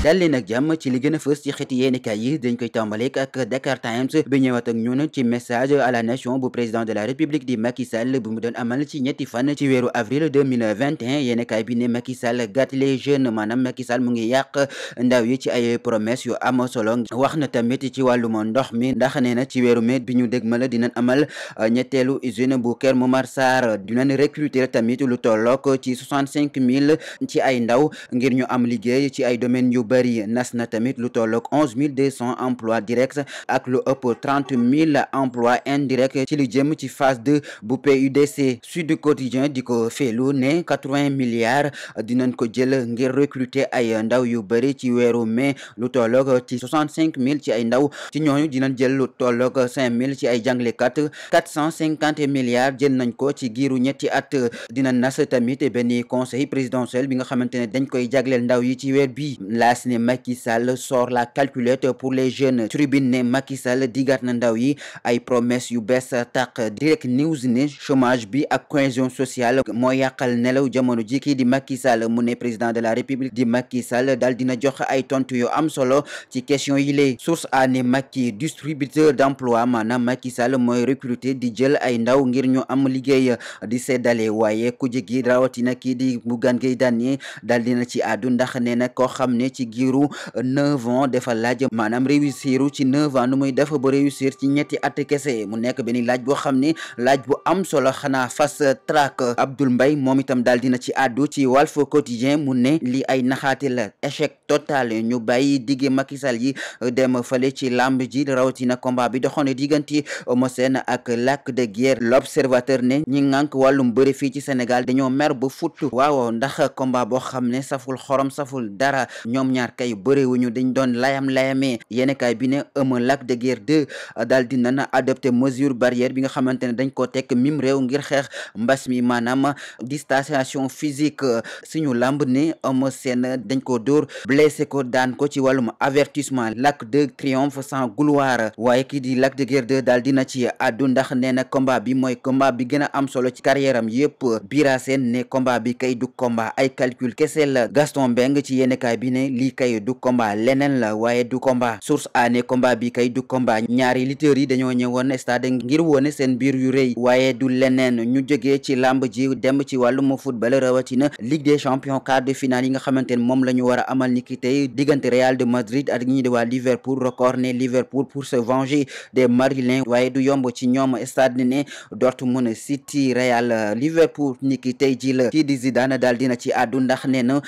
daal leen ak jàmm ci li gën fës ci xeeti yéenekaay yi dañ koy tàmbaleek ak bi ñëwaat ak ñun ci message à la nation bu président de la république di Macky Sall bu mu doon amal ci ñetti fan ci weeru avril 2021 yéenekaay bi ne Macky Sall gâte les jeunes maanaam Macky mu ngi yàq ndaw yi ci ay promesse yu am solo wax na tamit ci wàllum ndox mi ndax nee na ci weeru mai bi ñu dégmal dinañ amal ñetteelu usine bu Kër Momar Sarr dinañ recruter tamit lu tollook ci 65000 ci ay ndaw ngir ñu am liggéey ci ay domaines yu bëri nas na tamit lu tolloog onze mille deux cent emplois directs ak lu ëpp trente mille ci lu jëm ci fase de bu PUDC Sud Quotidien di ko feelu ne quatre-vingts milliards dinañ ko jël ngir recruter ay ndaw yu bëri ci weeru mai lu tollook ci soixante cinq mille ci ay ndaw ci ñooñu dinan jël lu tolloog cinq mille ci ay jànglekat quatre cent cinquante milliards jël nañ ko ci giiru ñetti at dina nas tamit benn conseil présidentiel bi nga xamante ne dañ koy jagleel ndaw yi ci weer bii Las ne Macky Sall sort la calculette pour les jeunes tribune ne Macky Sall digaat na ndaw yi ay promesse yu bees tàq direct news ne chômage bi a cohésion social moo yàqal nelaw jamono ji kii di Macky sal mu ne président de la république di Macky Sall daal dina jox ay tontu yu am solo ci question yi lay source a ne Macky distributeur d'emploi maanaam Macky Sall mooy recruter di jël ay ndaw ngir ñu am liggéey di seddale waaye ku jegi rawatina kii di Bougane Gueye Dany daal dina giiru neuf ans dafa laaj maanaam réussir ci neuf ans nu muy def ba réussir ci ñetti at kese mu nekk benn laaj boo xam ne laaj bu am solo xanaa fast track Abdoul mbay moom itam daal dina ci àddu ci Walf Quotidien mu ne li ay naxaate la échec total ñu bàyyi digge Macky Sall yi dem fale ci lamb ji rawatina combat bi doxoon diggante Eumeu Sène ak Lac de Guiers l'observateur ne ñi ngànk wàllum bëri fii ci Sénégal dañoo mer ba futt waaw ndax combat boo xam ne saful xorom saful ñaar kay bëréewuñu dañ doon layam-layamee yéeni kaay bi ne Eumeu Lac de Guiers 2 daal di nana adopté mesure barrière bi nga xamante ne dañ ko tekk mim réew ngir xeex mbas mi maanaam distanciation physique suñu lamb ni Eumeu Sène dañ ko door blessé ko daan ko ci wàllum avertissement lakk de triomphe sans gloire waaye kii di Lac de Guiers 2 daal dina ci addu ndax nee na combat bi mooy combat bi gën a am solo ci carrière am Bira Sène ne combat bi kay du combat ay bi kay du combat leneen la waaye du combat source a ne combat bi kay du combat ñaari lutteurs yi dañoo ñëwoon stade ngir wone seen biir yu du leneen ñu jógee ci lamb ji dem ci wàllum football rawatina ligue des champions quart de finale nga xamante ne moom la a amal ni ki Real de Madrid ak ñi di waa Liverpool record ne Real Liverpool ni ki ji la kii di Zidane dina ci àddu ndax nee na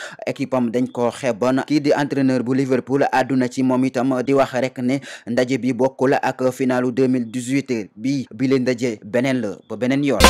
dañ ko xeeboon kii di di entraîneur bu Liverpool àdduna ci moom itam di wax rek ne ndaje bi bokkul ak finalu deux 2018 bi bile ndaje beneen la ba beneen yoon